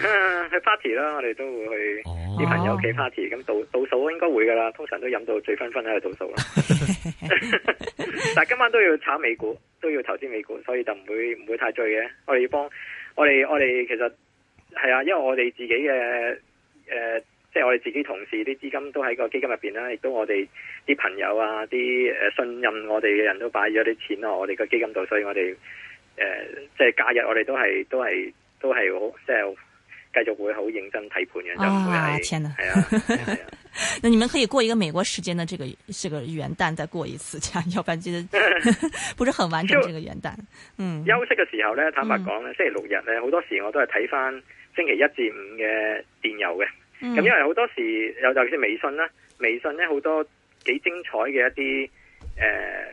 去 party 啦！我哋都會去啲朋友屋企 party，咁、oh. 倒倒數應該會噶啦。通常都飲到醉醺醺喺度倒數啦。 但係今晚都要炒美股，都要投資美股，所以就唔會唔會太醉嘅。我哋要幫我哋我哋，其實係啊，因為我哋自己嘅誒，即、呃、係、就是、我哋自己同事啲資金都喺個基金入邊啦。亦都我哋啲朋友啊，啲誒信任我哋嘅人都擺咗啲錢落、啊、我哋個基金度，所以我哋誒即係假日我哋都係都係都係好 sell。就是繼續會好認真睇盤嘅，就係天啊係啊， 天哪 那你們可以過一個美國時間的這個這， 這個元旦，再過一次，這樣要不然覺得不是很完整。這個元旦，嗯，休息嘅時候呢，坦白講咧、嗯，星期六日咧，好多時我都係睇翻星期一至五嘅電郵嘅。咁、嗯、因為好多時，又尤其是微信啦，微信呢好多幾精彩嘅一啲誒、呃、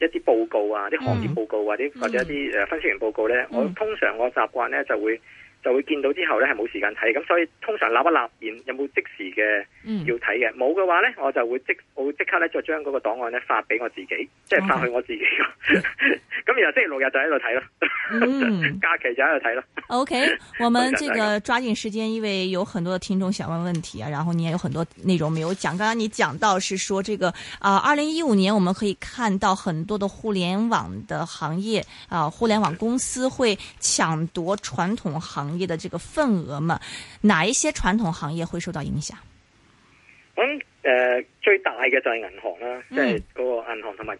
一啲報告啊，啲、嗯、行業報告啊，啲、嗯、或者一啲誒分析員報告呢、嗯、我通常我習慣呢就會。就會見到之後呢係冇時間睇，咁所以通常立一立然有冇即時嘅要睇嘅？冇、嗯、嘅話呢，我就會即我會即刻呢再將嗰個檔案呢發畀我自己，嗯、即係發去我自己。 咁然後星期六日就喺度睇咯，嗯，假期就喺度睇咯。OK，我們這個抓緊時間，因為有很多的聽眾想問問題啊，然後你也有很多內容沒有講。剛剛你講到是說，這個啊，二零一五年我們可以看到很多的互聯網的行業啊、呃，互聯網公司會搶奪傳統行業的這個份額嘛？哪一些傳統行業會受到影響？咁、嗯、誒，最大嘅就係銀行啦，即係嗰個銀行同埋。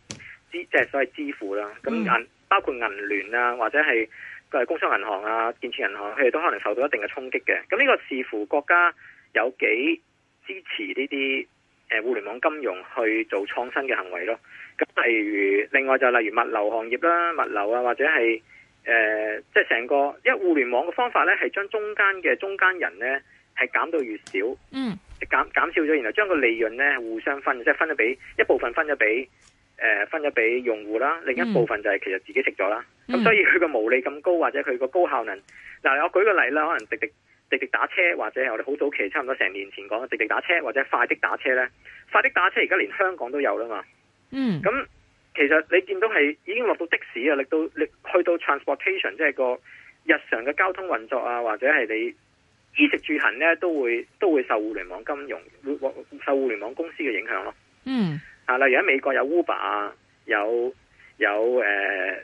即係所謂支付啦，咁銀包括銀聯啊，或者係佢係工商銀行啊、建設銀行，佢哋都可能受到一定嘅衝擊嘅。咁呢個視乎國家有幾支持呢啲誒互聯網金融去做創新嘅行為咯。咁例如另外就例如物流行業啦、啊，物流啊或者係誒即係成個，因為互聯網嘅方法咧係將中間嘅中間人咧係減到越少，嗯，減減少咗，然後將個利潤咧互相分，即係分咗俾一部分分咗俾。誒、呃，分咗俾用戶啦，另一部分就係其實自己食咗啦。咁、嗯、所以佢個毛利咁高，或者佢個高效能。嗱、嗯，我舉個例啦，可能滴滴滴滴打車，或者我哋好早期差唔多成年前講嘅滴滴打車，或者快的打，打車呢。快的打車而家連香港都有啦嘛。嗯。咁其實你見到係已經落到的士啊，落到你去到 transportation，即係個日常嘅交通運作啊，或者係你衣食住行呢，都會都會受互聯網金融、受互聯網公司嘅影響咯。嗯。啊！例如喺美國有 Uber 啊，有有誒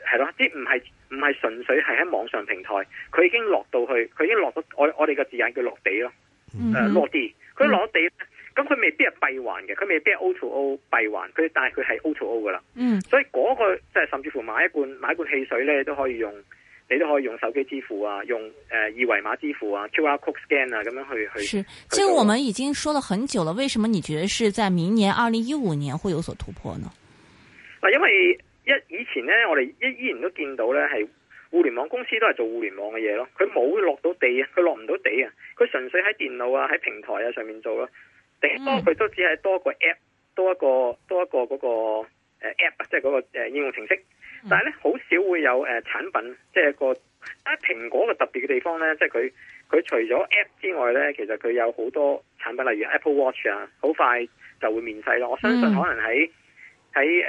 係咯，啲唔係唔係純粹係喺網上平台，佢已經落到去，佢已經落到我我哋嘅字眼叫落地咯，誒、呃、落地。佢落地咧，咁佢未必係閉環嘅，佢未必係 O to O 閉環，佢但係佢係 O to O 噶啦。嗯，所以嗰、那個即係甚至乎買一罐買一罐汽水咧都可以用。你都可以用手機支付啊，用誒、呃、二維碼支付啊，QR code scan 啊，咁樣去去。是，其實我們已經說了很久了，為什麼你覺得是在明年二零一五年會有所突破呢？嗱，因為一以前呢，我哋依依然都見到呢係互聯網公司都係做互聯網嘅嘢咯，佢冇落到地啊，佢落唔到地啊，佢純粹喺電腦啊、喺平台啊上面做咯，頂多佢都只係多一個 app，多一個多一個嗰個。App 啊，即係嗰個誒應用程式，但係咧好少會有誒、呃、產品，即、就、係、是、個。但係蘋果嘅特別嘅地方咧，即係佢佢除咗 App 之外咧，其實佢有好多產品，例如 Apple Watch 啊，好快就會面世咯。我相信可能喺喺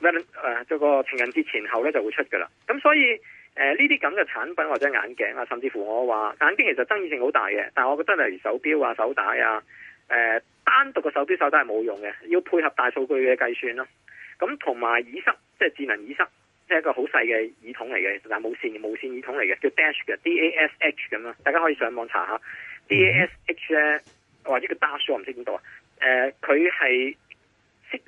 誒 v 個個情人節前後咧就會出㗎啦。咁所以誒呢啲咁嘅產品或者眼鏡啊，甚至乎我話眼鏡其實爭議性好大嘅，但係我覺得例如手錶啊、手帶啊，誒、呃、單獨個手錶、手帶係冇用嘅，要配合大數據嘅計算咯、啊。咁同埋耳塞，即係智能耳塞，即係一個好細嘅耳筒嚟嘅，但無線嘅無線耳筒嚟嘅，叫 Dash 嘅 D A S H 咁啦，大家可以上網查下 D A S H 咧，嗯、Dash, 或者叫 Dash，我唔知點讀啊。誒、呃，佢係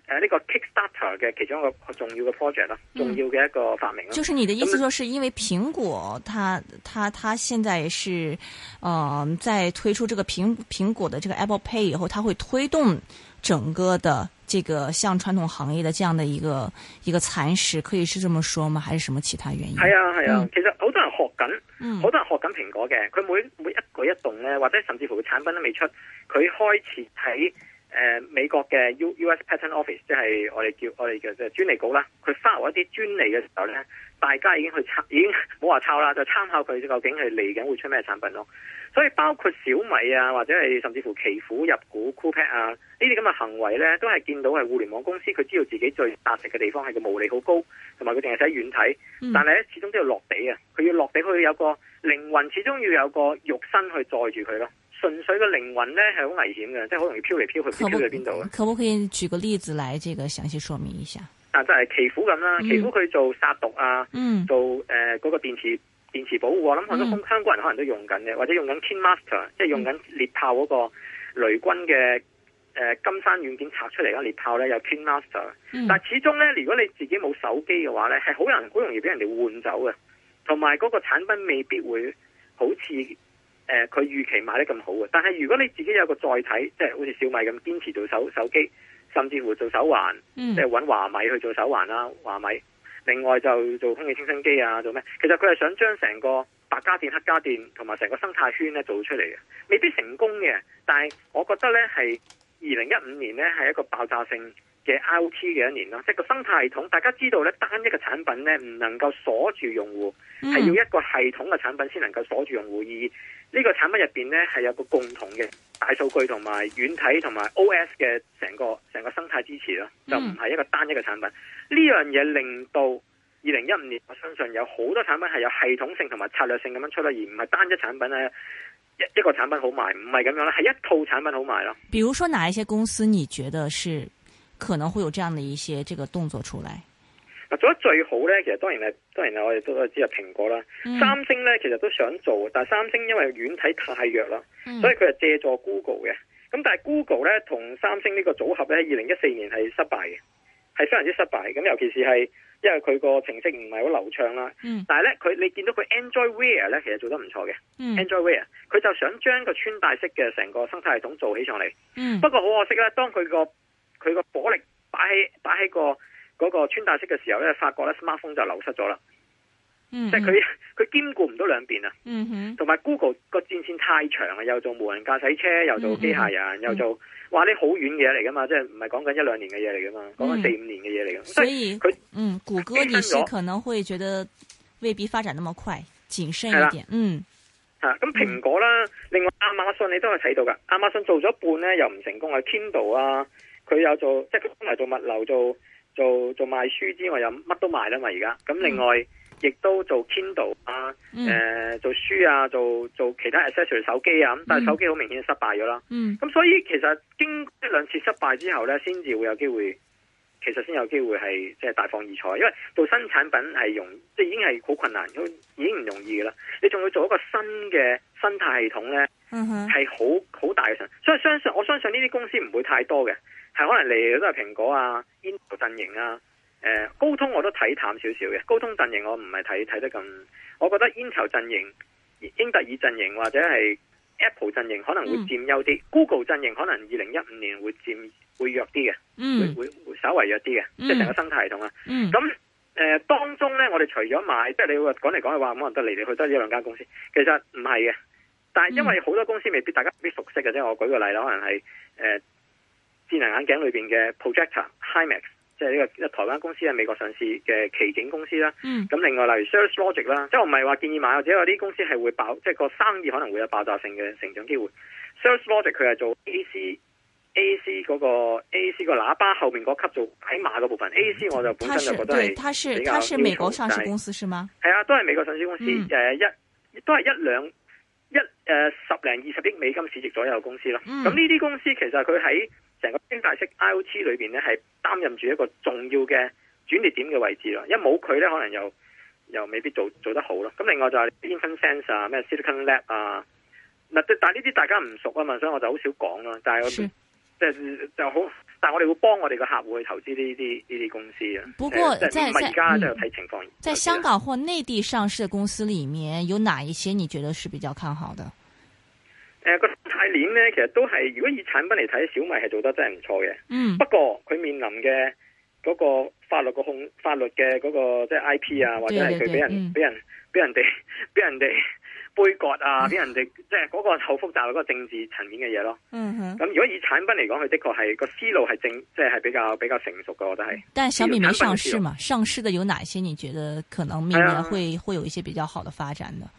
誒呢個 Kickstarter 嘅其中一個重要嘅 project 啦，重要嘅一個發明咯。就是你的意思，就是因為蘋果它，它、嗯、它它現在是，嗯、呃，在推出這個蘋蘋果的這個 Apple Pay 以後，它會推動。整個的這個像傳統行業的這樣的一個一個蠶食，可以是這麼說嗎？還是什麼其他原因？係啊係啊、嗯，其實好多人學緊，好、嗯、多人學緊蘋果嘅，佢每每一舉一動呢，或者甚至乎個產品都未出，佢開始睇。誒、呃，美國嘅 U S Patent Office，即係我哋叫我哋嘅專利局啦。佢發落一啲專利嘅時候咧，大家已經去參，已經冇話抄啦，就參考佢究竟係嚟緊會出咩產品咯。所以包括小米啊，或者係甚至乎奇虎入股酷 pad 啊，呢啲咁嘅行為咧，都係見到係互聯網公司佢知道自己最達實嘅地方係個毛利好高，同埋佢淨係使軟體，但係咧始終都要落地啊。佢要落地，佢要有個靈魂，始終要有個肉身去載住佢咯。純粹嘅靈魂咧係好危險嘅，即係好容易飄嚟飄去，飄去邊度？可唔可，可以舉個例子來，這個詳細說明一下？嗱、啊，就係奇虎咁啦，奇虎佢做殺毒啊，嗯、做誒嗰、呃那個電池電池保護，我諗好多香港人可能都用緊嘅、嗯，或者用緊 Clean Master，、嗯、即係用緊獵豹嗰個雷軍嘅誒、呃、金山軟件拆出嚟啦，獵豹咧有 Clean Master，、嗯、但係始終咧如果你自己冇手機嘅話咧，係好難好容易俾人哋換走嘅，同埋嗰個產品未必會好似。誒、呃，佢預期買得咁好嘅，但係如果你自己有個載體，即係好似小米咁堅持做手手機，甚至乎做手環，即係揾華米去做手環啦，華米。另外就做空氣清新機啊，做咩？其實佢係想將成個白家電、黑家電同埋成個生態圈咧做出嚟嘅，未必成功嘅。但係我覺得呢係二零一五年呢係一個爆炸性嘅 IoT 嘅一年咯，即、就、係、是、個生態系統。大家知道呢，單一個產品呢唔能夠鎖住用戶，係要一個系統嘅產品先能夠鎖住用戶而。呢、這個產品入邊呢，係有一個共同嘅大數據同埋軟體同埋 O S 嘅成個成個生態支持咯，就唔係一個單一嘅產品。呢樣嘢令到二零一五年，我相信有好多產品係有系統性同埋策略性咁樣出嚟，而唔係單一產品咧一一個產品好賣，唔係咁樣啦，係一套產品好賣咯。比如說，哪一些公司你覺得是可能會有這樣的一些這個動作出來？做得最好咧，其實當然係，當然我哋都知係蘋果啦。嗯、三星咧，其實都想做，但係三星因為軟體太弱啦、嗯，所以佢係借助 Google 嘅。咁但係 Google 咧同三星呢個組合咧，二零一四年係失敗嘅，係非常之失敗的。咁尤其是係，因為佢個程式唔係好流暢啦、嗯。但係咧，佢你見到佢 Android Wear 咧，其實做得唔錯嘅。嗯、Android Wear 佢就想將個穿戴式嘅成個生態系統做起上嚟、嗯。不過好可惜咧，當佢個佢個火力擺喺擺喺個。嗰、那個穿戴式嘅時候咧，發覺咧 smartphone 就流失咗啦。嗯，即係佢佢兼顧唔到兩邊啊。嗯哼，同、嗯、埋 Google 個戰線太長啊，又做無人駕駛車，又做機械人、嗯，又做，嗯、哇！呢好遠嘅嘢嚟噶嘛，即係唔係講緊一兩年嘅嘢嚟噶嘛，講、嗯、緊四五年嘅嘢嚟噶。所以佢嗯，谷歌預可能會覺得未必發展咁快，謹慎一點。嗯，吓咁蘋果啦，另外亞馬遜你都係睇到噶，亞馬遜做咗一半咧又唔成功啊，Kindle 啊，佢有做即係佢做埋做物流做。做做賣書之外，又乜都賣啦嘛！而家咁，另外亦、嗯、都做 Kindle 啊，誒、嗯，做書啊，做做其他 accessory 手機啊，咁但係手機好明顯失敗咗啦。嗯，咁所以其實經一兩次失敗之後咧，先至會有機會，其實先有機會係即係大放異彩。因為做新產品係容易，即係已經係好困難，已經唔容易嘅啦。你仲要做一個新嘅生態系統咧，係好好大嘅事。所以相信我相信呢啲公司唔會太多嘅。係可能嚟嚟都係蘋果啊、Intel 陣營啊，誒、呃，高通我都睇淡少少嘅。高通陣營我唔係睇睇得咁，我覺得 Intel 陣營、英特爾陣營或者係 Apple 陣營可能會佔優啲。Google 陣營可能二零一五年會佔會弱啲嘅，嗯，會會稍為弱啲嘅，即係成個生態系統啊。咁、嗯、誒、呃，當中咧，我哋除咗買，即、就、係、是、你會講嚟講去話，可能得嚟嚟去都係呢兩間公司。其實唔係嘅，但係因為好多公司未必大家未必熟悉嘅啫。我舉個例啦，可能係誒。呃智能眼鏡裏面嘅 projector Himax，即係呢個台灣公司喺美國上市嘅奇景公司啦。咁、嗯、另外例如 Cirrus Logic 啦，即我唔係話建議買，或者有啲公司係會爆，即係個生意可能會有爆炸性嘅成長機會。Cirrus Logic 佢係做 AC AC 嗰個 AC 個喇叭後面嗰級做喺碼嗰部分。AC 我就本身就覺得係，佢係比較美國上市公司是嗎？係啊，都係美國上市公司。誒、嗯呃、一都係一兩一誒、呃、十零二十億美金市值左右嘅公司咯。咁呢啲公司其實佢喺成個生態式 IOT 裏邊咧，係擔任住一個重要嘅轉捩點嘅位置咯。一冇佢咧，可能又又未必做做得好咯。咁另外就係 Infinisense 啊，咩 Silicon Lab 啊，嗱，但呢啲大家唔熟啊嘛，所以我就好少講咯。但係我即係就好，但係我哋會幫我哋嘅客戶去投資呢啲呢啲公司啊。不過在即係而家,在,在嗯就睇情況，在香港或內地上市嘅公司裏面有哪一些你覺得是比較看好的？誒、呃，那個生態鏈咧，其實都係如果以產品嚟睇，小米係做得真係唔錯嘅。嗯。不過佢面臨嘅嗰個法律嘅控，法律嘅個即係 I P 啊對對對，或者係佢俾人俾、嗯、人俾人哋俾人哋杯葛啊，俾、嗯、人哋即係嗰個好複雜嗰、那個政治層面嘅嘢咯。嗯咁如果以產品嚟講，佢的確係、那個思路係正，即、就、係、是、比較比較成熟嘅，我覺得、就、係、是。但係小米未上市嘛？上市嘅有哪些？你覺得可能明年會、啊、會有一些比較好的發展的？呢？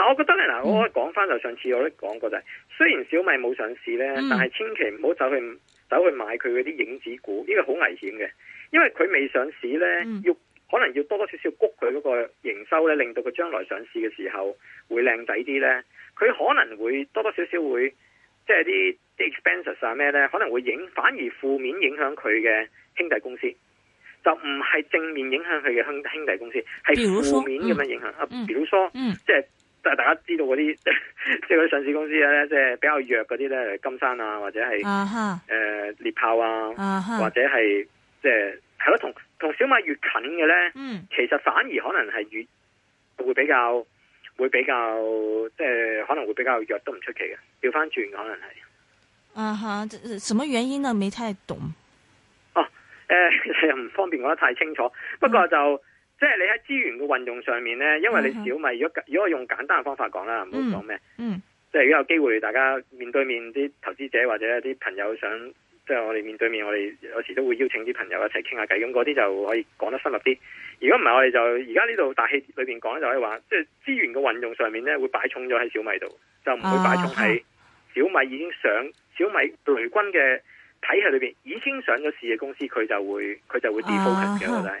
但我覺得咧，嗱，我講返就上次我都講過就係、是，雖然小米冇上市咧、嗯，但係千祈唔好走去走去買佢嗰啲影子股，呢個好危險嘅，因為佢未上市咧、嗯，要可能要多多少少谷佢嗰個營收咧，令到佢將來上市嘅時候會靚仔啲咧，佢可能會多多少少會即係啲啲 expenses 啊咩咧，可能會影反而負面影響佢嘅兄弟公司，就唔係正面影響佢嘅兄兄弟公司，係負面咁樣影響、嗯、啊，表叔、嗯嗯，即係。就係大家知道嗰啲即係嗰啲上市公司咧，即係比較弱嗰啲咧，金山啊，或者係誒獵豹啊，uh -huh. 或者係即係係咯，同同小米越近嘅咧、嗯，其實反而可能係越會比較會比較，即係、呃、可能會比較弱，都唔出奇嘅，調翻轉可能係。啊哈，什麼原因呢？沒太懂。哦、啊，誒、呃，其實又唔方便講得太清楚，uh -huh. 不過就。即係你喺資源嘅運用上面呢，因為你小米如果如果用簡單嘅方法講啦，唔好講咩，即係如果有機會大家面對面啲投資者或者啲朋友想，即係我哋面對面，我哋有時都會邀請啲朋友一齊傾下偈，咁嗰啲就可以講得深入啲。如果唔係我哋就而家呢度大氣裏邊講就可以話，即係資源嘅運用上面呢，會擺重咗喺小米度，就唔會擺重喺小米已經上、啊、已經上小米雷軍嘅體系裏邊，已經上咗市嘅公司，佢就會佢就會 defocus 嘅我哋。啊真係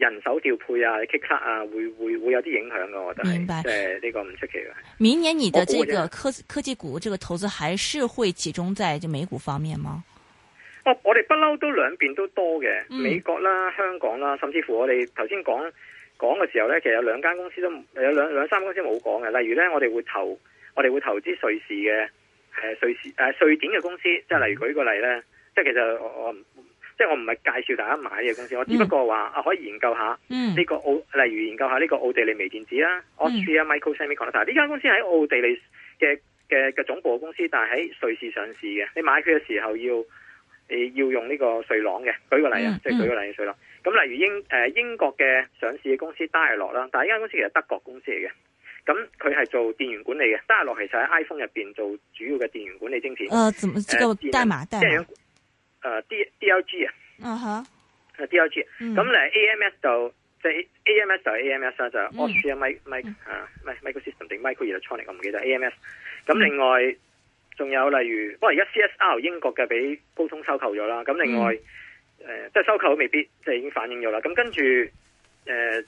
人手調配啊 cut 卡，卡啊，會會會有啲影響噶，我覺得明白，即係呢個唔出奇嘅。明年你的這個科科技股，這個投資還是會集中在就美股方面嗎？哦，我哋不嬲都兩邊都多嘅，美國啦、香港啦，嗯、甚至乎我哋頭先講講嘅時候咧，其實有兩間公司都有兩兩三間公司冇講嘅，例如咧，我哋會投我哋會投資瑞士嘅，誒瑞士誒瑞典嘅公司，即係例如舉個例咧，即係其實我我即係我唔係介紹大家買呢隻公司，我只不過話啊可以研究下呢，這個澳，嗯，例如研究下呢個奧地利微電子啦 Austria Microsemi 呢間公司喺奧地利嘅嘅嘅總部公司，但係喺瑞士上市嘅。你買佢嘅時候要要用呢個瑞郎嘅。舉個例啊，即係舉個例子，嗯就是，例子瑞郎。咁，嗯嗯，例如英誒、呃、英國嘅上市嘅公司 d a Dialog 啦，Dialog, 但係呢間公司其實是德國公司嚟嘅。咁佢係做電源管理嘅。d a Dialog 其實喺 iPhone 入邊做主要嘅電源管理芯片。誒，D D L G 啊，啊吓，D L G，咁嚟 A M S 就即係 A M S 就係 A M S 啦，就 Micro Mic 啊，Micro System 定 Micro Electronic 我唔記得 A M S，咁另外仲有例如，不過而家 C S R 英國嘅俾高通收購咗啦，咁另外誒，即係收購都未必，即係已經反映咗啦，咁跟住誒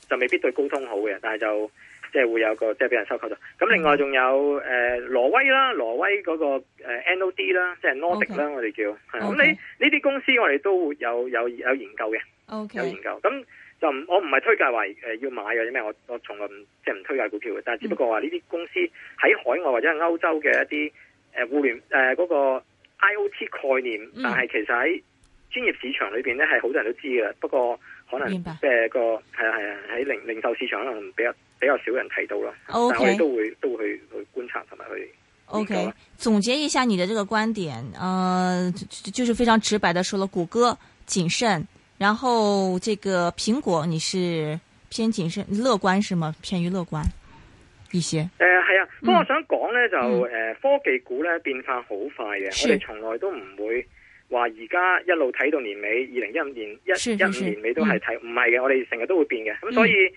就未必對高通好嘅，但係就。即、就、係、是、會有個即係俾人收購咗。咁另外仲有誒、嗯呃、挪威啦，挪威嗰、那個、呃、NOD 啦，即、就、係、是、Nordic 啦、okay.，我哋叫。咁呢呢啲公司我哋都會有有有研究嘅。O K。有研究。咁、okay. 就我唔係推介話要買嘅啲咩，我我從來即係唔推介股票嘅。但係只不過話呢啲公司喺海外或者係歐洲嘅一啲互聯嗰、呃那個 I O T 概念，嗯、但係其實喺專業市場裏面咧係好多人都知嘅。不過可能即係、呃、個係啊係啊喺零零售市場可能比較。比較少人提到啦，但係都會、okay. 都會去觀察同埋去。O、okay. K，總結一下你的這個觀點，呃，就是非常直白的說了，谷歌謹慎，然後這個蘋果你是偏謹慎樂觀是嗎？偏於樂觀一些。誒、呃，係啊，不過我想講咧、嗯、就誒、呃，科技股咧變化好快嘅，我哋從來都唔會話而家一路睇到年尾二零一五年一一五年尾都係睇，唔係嘅，我哋成日都會變嘅，咁所以。嗯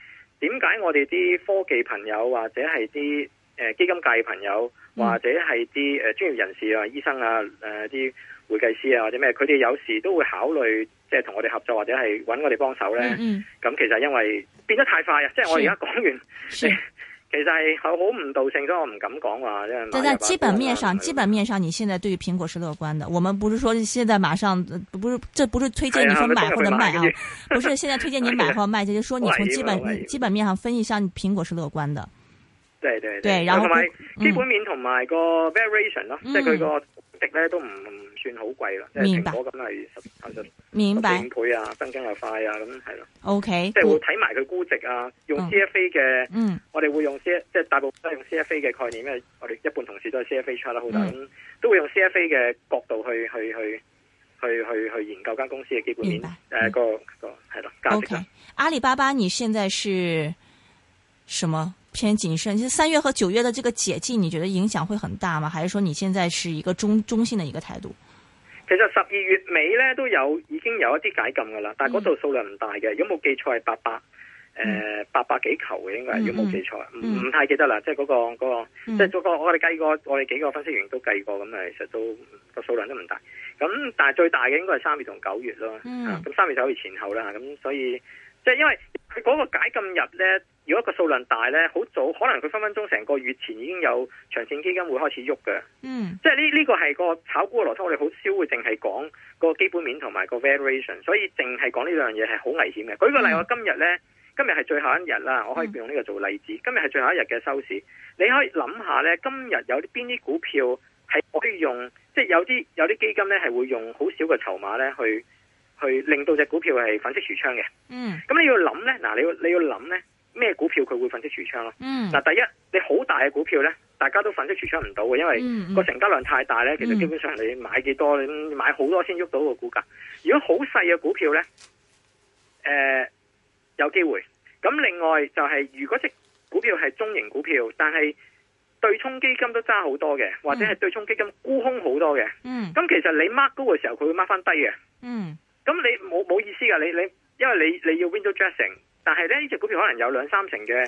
點解我哋啲科技朋友或者係啲誒基金界朋友或者係啲誒專業人士啊，醫生啊誒啲會計師啊或者咩？佢哋有時都會考慮，即係同我哋合作或者係揾我哋幫手咧。咁、mm-hmm. 其實因為變得太快啊，即係我而家講完。 其實係係好唔道性，所以我唔敢講話。即係，但係基本面上，基本面上，面上你現在對於蘋果是樂觀的。我們不是說現在馬上，不是，這不是推薦你說買或者賣啊，啊不是現在推薦你買或者賣， 啊是或者賣 啊、就係說你從基本、 啊、基本面上分析，上你蘋果是樂觀的。對對對。對，然後，然後、嗯、基本面同埋個 variation 咯、嗯，即係佢個。值咧都唔算好貴啦，即係蘋果咁係十分十五倍啊，增長又快啊，咁係咯。O K，即係會睇埋佢估值啊，嗯、用 C F A 嘅、嗯，我哋會用 CFA，即係大部分都用 C F A 嘅概念，因為我哋一半同事都係 C F a H 啦，好、嗯、啦，咁都會用 C F A 嘅角度去去去去去去研究間公司嘅基本面，誒、呃嗯那個、那個係咯價值啦。O K，阿里巴巴，你現在是什麼？偏謹慎，其實三月和九月嘅這個解禁，你覺得影響會很大嗎？還是說你現在是一個中中性的一個態度？其實十二月尾咧都有已經有一啲解禁噶啦，但係嗰度數量唔大嘅。如果冇記錯係八百誒八百幾球嘅應該，如果冇記錯，唔、嗯、太記得啦、嗯。即係嗰個個，嗰個嗯、即係嗰、嗰個我哋計過，我哋幾個分析員都計過，咁咪其實都個數量都唔大。咁但係最大嘅應該係三月同九月咯。咁、嗯、三、啊、月九月前後啦，咁所以。即係因為佢嗰個解禁日咧，如果個數量大咧，好早可能佢分分鐘成個月前已經有長線基金會開始喐嘅。嗯、mm.，即係呢呢個係個炒股嘅邏輯，我哋好少會淨係講個基本面同埋個 valuation，所以淨係講呢兩樣嘢係好危險嘅。舉個例子，我今日咧，今日係最後一日啦，我可以用呢個做例子。今日係最後一日嘅收市，你可以諗下咧，今日有啲邊啲股票係可以用，即係有啲有啲基金咧係會用好少嘅籌碼咧去。去令到隻股票係粉飾櫥窗嘅，嗯，咁你要諗呢？嗱，你要你要諗咧，咩股票佢會粉飾櫥窗咯，嗯，嗱，第一，你好大嘅股票呢，大家都粉飾櫥窗唔到嘅，因為個成交量太大呢。嗯、其實基本上你買幾多，嗯、你買好多先喐到個股價。如果好細嘅股票呢，誒、呃，有機會。咁另外就係、是、如果隻股票係中型股票，但係對沖基金都揸好多嘅，或者係對沖基金沽空好多嘅，嗯，咁其實你 mark 高嘅時候，佢會 mark 翻低嘅，嗯。咁你冇冇意思噶？你你，因為你你要 window dressing，但係咧呢隻股票可能有兩三成嘅，誒、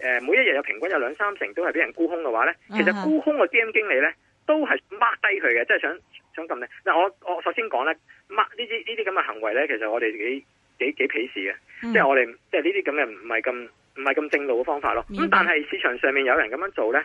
呃，每一日有平均有兩三成都係俾人沽空嘅話咧，uh -huh. 其實沽空嘅基金經理咧都係 mark 低佢嘅，即、就、係、是、想想咁咧。嗱，我我首先講咧 mark 呢啲呢啲咁嘅行為咧，其實我哋幾幾幾鄙視嘅，即、uh、係 -huh. 就是、我哋即係呢啲咁嘅唔係咁唔係咁正路嘅方法咯。咁、uh -huh. 但係市場上面有人咁樣做咧，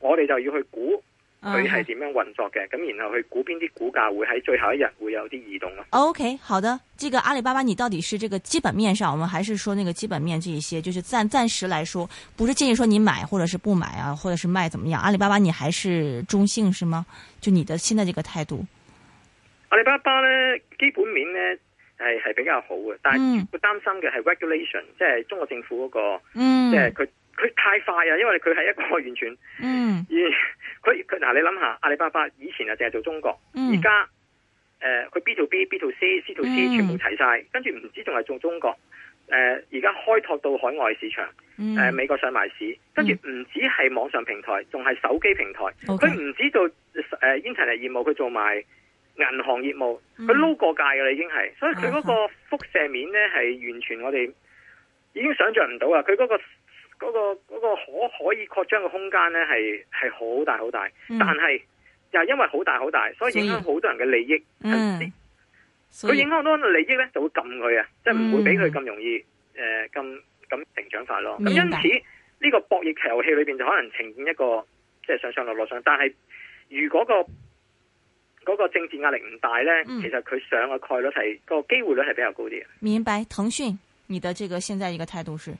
我哋就要去估。佢係點樣運作嘅？咁、uh-huh. 然後去估邊啲股價會喺最後一日會有啲移動咯。Oh, OK，好的，這個阿里巴巴，你到底是這個基本面上，我們還是說那個基本面這一些，就是暫暫時來說，不是建議說你買，或者是不買啊，或者是賣，怎麼樣？阿里巴巴，你還是中性是嗎？就你的現在這個態度？阿里巴巴呢，基本面呢，係係比較好嘅，但係我擔心嘅係 regulation，、嗯、即係中國政府嗰、那個，嗯、即係佢。佢太快啊，因為佢係一個完全，嗯，而佢佢嗱，你諗下，阿里巴巴以前啊，淨係做中國，而、嗯、家，誒，佢 B to B、B to C、C to C 全部齊晒，跟住唔止仲係做中國，誒、呃，而家開拓到海外市場，誒、嗯呃，美國上埋市，跟住唔止係網上平台，仲係手機平台，佢、嗯、唔止做誒 internet、呃、業務，佢做埋銀行業務，佢、嗯、撈過界噶啦，已經係，所以佢嗰個輻射面咧係完全我哋已經想象唔到啊，佢嗰、嗰個。嗰、那個、那個可可以擴張嘅空間咧，係係好大好大，嗯、但係又因為好大好大，所以影響好多人嘅利益。嗯，佢影響到人嘅利益咧，就會撳佢啊，即係唔會俾佢咁容易誒，咁、嗯、咁、呃、成長法咯。咁因此呢、這個博弈遊戲裏邊就可能呈現一個即係、就是、上上落落上，但係如果、那個、那個政治壓力唔大咧、嗯，其實佢上嘅概率係、那個機會率係比較高啲。明白，騰訊，你的這個現在一個態度是？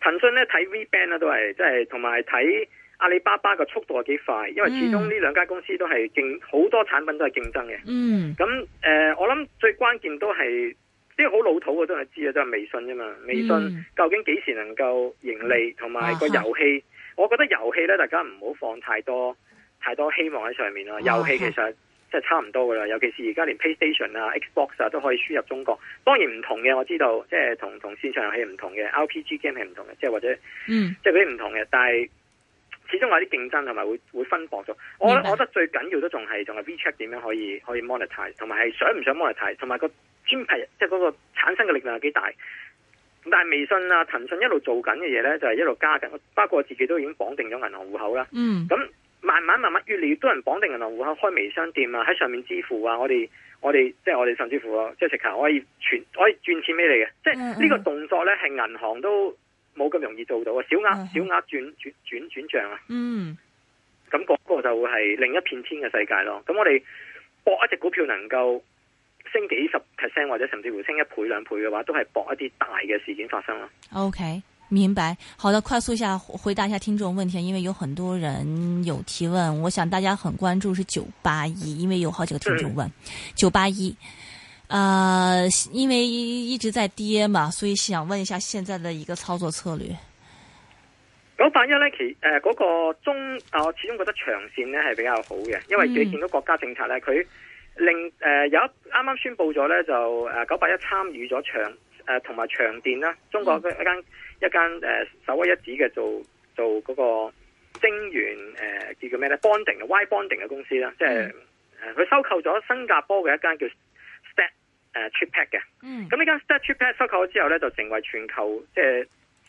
騰訊咧睇 WeBank 咧都係即係，同埋睇阿里巴巴個速度係幾快，因為始終呢兩家公司都係競好多產品都係競爭嘅。嗯，咁誒、呃，我諗最關鍵都係，即係好老土我都係知啊，都、就、係、是、微信啫嘛。微信究竟幾時能夠盈利？同、嗯、埋個遊戲、啊，我覺得遊戲咧，大家唔好放太多太多希望喺上面啦。遊、啊、戲、啊、其實。即係差唔多噶啦，尤其是而家連 PlayStation 啊、Xbox 啊都可以輸入中國。當然唔同嘅，我知道，即係同同線上遊戲唔同嘅，RPG game 係唔同嘅，即係或者，mm. 即係嗰啲唔同嘅。但係始終有啲競爭同埋會會分薄咗。我覺得我覺得最緊要都仲係仲係 WeChat 點樣可以可以 monetize 同埋係想唔想 monetize 同埋個專牌即係嗰個產生嘅力量有幾大。但係微信啊、騰訊一路做緊嘅嘢呢，就係一路加緊。包括我自己都已經綁定咗銀行戶口啦。嗯、mm.，咁。慢慢慢慢，越嚟越多人綁定銀行戶口開微商店啊，喺上面支付啊，我哋我哋即係我哋甚至乎啊，即係直頭可以存可以轉錢俾你嘅，即係呢個動作咧係銀行都冇咁容易做到啊，小額小額轉轉轉轉賬啊，嗯，咁嗰個就會係另一片天嘅世界咯。咁我哋搏一隻股票能夠升幾十 percent 或者甚至乎升一倍兩倍嘅話，都係搏一啲大嘅事件發生咯。OK。明白，好的，快速一下回答一下聽眾問題，因為有很多人有提問，我想大家很關注是九八一，因為有好幾個聽眾問九八一，嗯、981, 呃，因為一直在跌嘛，所以想問一下現在的一個操作策略。九八一呢，其誒，嗰個中，我始終覺得長線呢係比較好嘅，因為最近嘅國家政策呢，佢令誒有一啱啱宣布咗呢，就誒九八一參與咗長。呃誒同埋長電啦，中國一間一間誒、呃、首屈一指嘅做做嗰個晶圓誒、呃、叫做咩咧 bonding 嘅 Y bonding 嘅公司啦，即係誒佢收購咗新加坡嘅一間叫 Stats 誒、呃、ChipPAC 嘅，咁呢間、嗯、Stats ChipPAC 收購咗之後咧，就成為全球即係、就是、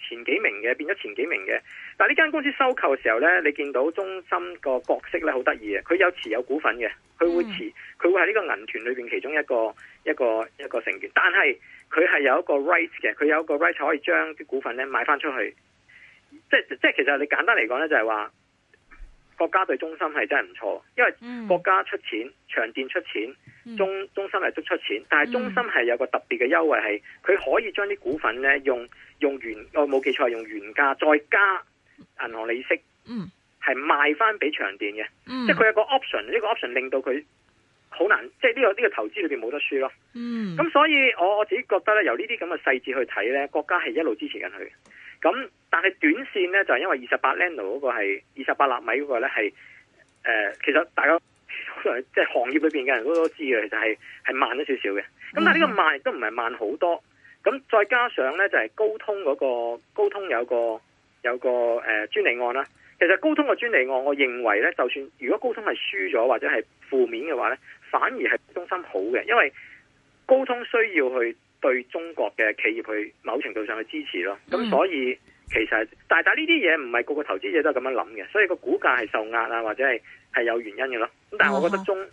前幾名嘅，變咗前幾名嘅。但係呢間公司收購嘅時候咧，你見到中芯個角色咧好得意嘅，佢有，有持有股份嘅，佢會持佢、嗯、會係呢個銀團裏邊其中一個一個一個成員，但係。佢係有一個 right 嘅，佢有一個 right 可以將啲股份咧買翻出去，即即係其實你簡單嚟講咧就係話，國家對中心係真係唔錯，因為國家出錢，長電出錢，中中心嚟都出錢，但係中心係有個特別嘅優惠係，佢可以將啲股份咧用用，用，沒有用原我冇記錯係用原價再加銀行利息，嗯，係賣翻俾長電嘅，嗯，即係佢有個 option，呢個 option 令到佢。好難，即係、這、呢個呢、這個投資裏邊冇得輸咯。嗯，咁所以我我自己覺得咧，由這些呢啲咁嘅細節去睇咧，國家係一路支持緊佢。咁但係短線咧就是、因為二十八 Nano 嗰個係二十八納米嗰個咧係誒，其實大家即係、就是、行業裏邊嘅人都都知嘅，就係係慢咗少少嘅。咁但係呢個慢都唔係慢好多。咁再加上咧就係、是、高通嗰、那個高通有個有個誒專、呃、利案啦、啊。其實高通嘅專利案，我認為咧就算如果高通係輸咗或者係負面嘅話咧。反而係中心好嘅，因為高通需要去對中國嘅企業去某程度上去支持咯，咁、嗯、所以其實大大呢啲嘢唔係個個投資者都係咁樣諗嘅，所以個股價係受壓啊，或者係係有原因嘅咯。咁但係我覺得中、啊、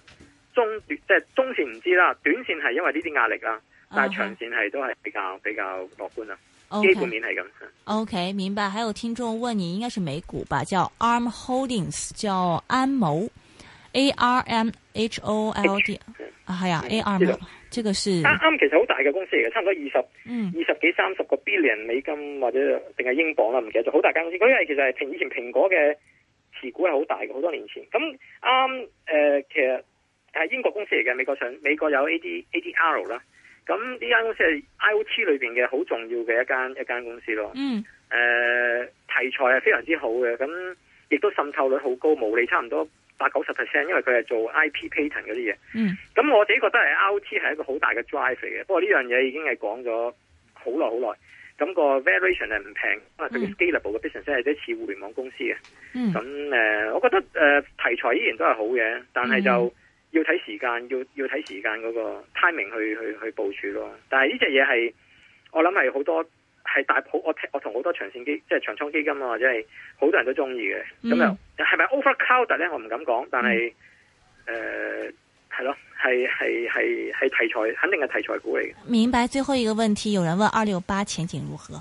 中即係中、就是、中線唔知啦，短線係因為呢啲壓力啦、啊，但係長線係都係比較比較樂觀啦。基本面係咁。O、okay, K、okay, 明白，還有聽眾問你，應該是美股吧？叫 Arm Holdings，叫安謀。A R M H O L D，係啊，A R M，呢個是啱啱、啊、其實好大嘅公司嚟嘅，差唔多二十二十幾三十個 billion 美金或者定係英鎊啦，唔記得咗好大間公司。佢係其實係以前蘋果嘅持股係好大嘅，好多年前咁啱誒，其實係、啊、英國公司嚟嘅，美國上美國有 A D A D R 啦。咁呢間公司係 I O T 裏邊嘅好重要嘅一間一間公司咯。嗯，誒、呃、題材係非常之好嘅，咁亦都滲透率好高，毛利差唔多，八九十 percent，因為佢係做 IP patent 嗰啲嘢。嗯。咁我自己覺得係 IoT 係一個好大嘅 drive 嚟嘅。不過呢樣嘢已經係講咗好耐好耐。咁個 variation 係唔平，特別 scalable 嘅 business 係即似互聯網公司嘅、嗯。咁誒、呃，我覺得誒、呃、題材依然都係好嘅，但係就要睇時間，要要睇時間嗰個 timing 去去去部署咯。但係呢隻嘢係我諗係好多。係大普，我聽我同好多長線基，即係長倉基金啊，或者係好多人都中意嘅。咁又係咪 overcrowded 咧？我唔敢講，但係誒係咯，係係係係題材，肯定係題材股嚟嘅。明白，最後一個問題，有人問二六八前景如何？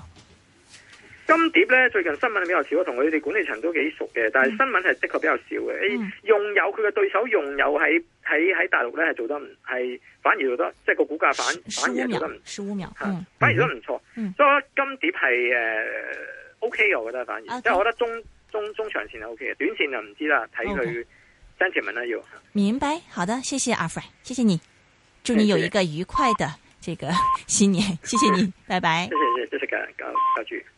金碟咧最近新聞比較少，同佢哋管理層都幾熟嘅，但係新聞係的確比較少嘅。用、嗯哎、友佢嘅對手用友喺喺喺大陸咧係做得唔係反而做得，即係個股價反反而都十五秒，十五秒，反而、嗯啊、反而都唔錯。嗯，所以我金蝶係誒 OK 我覺得反而，okay, 因為我覺得中中中,中長線係 OK 嘅，短線就唔知啦，睇佢 sentiment 啦要, okay, 要,要。明白，好的，謝謝阿 Frank，謝謝你，祝你有一個愉快的這個新年，謝謝你， 拜拜。謝謝，謝謝，教主。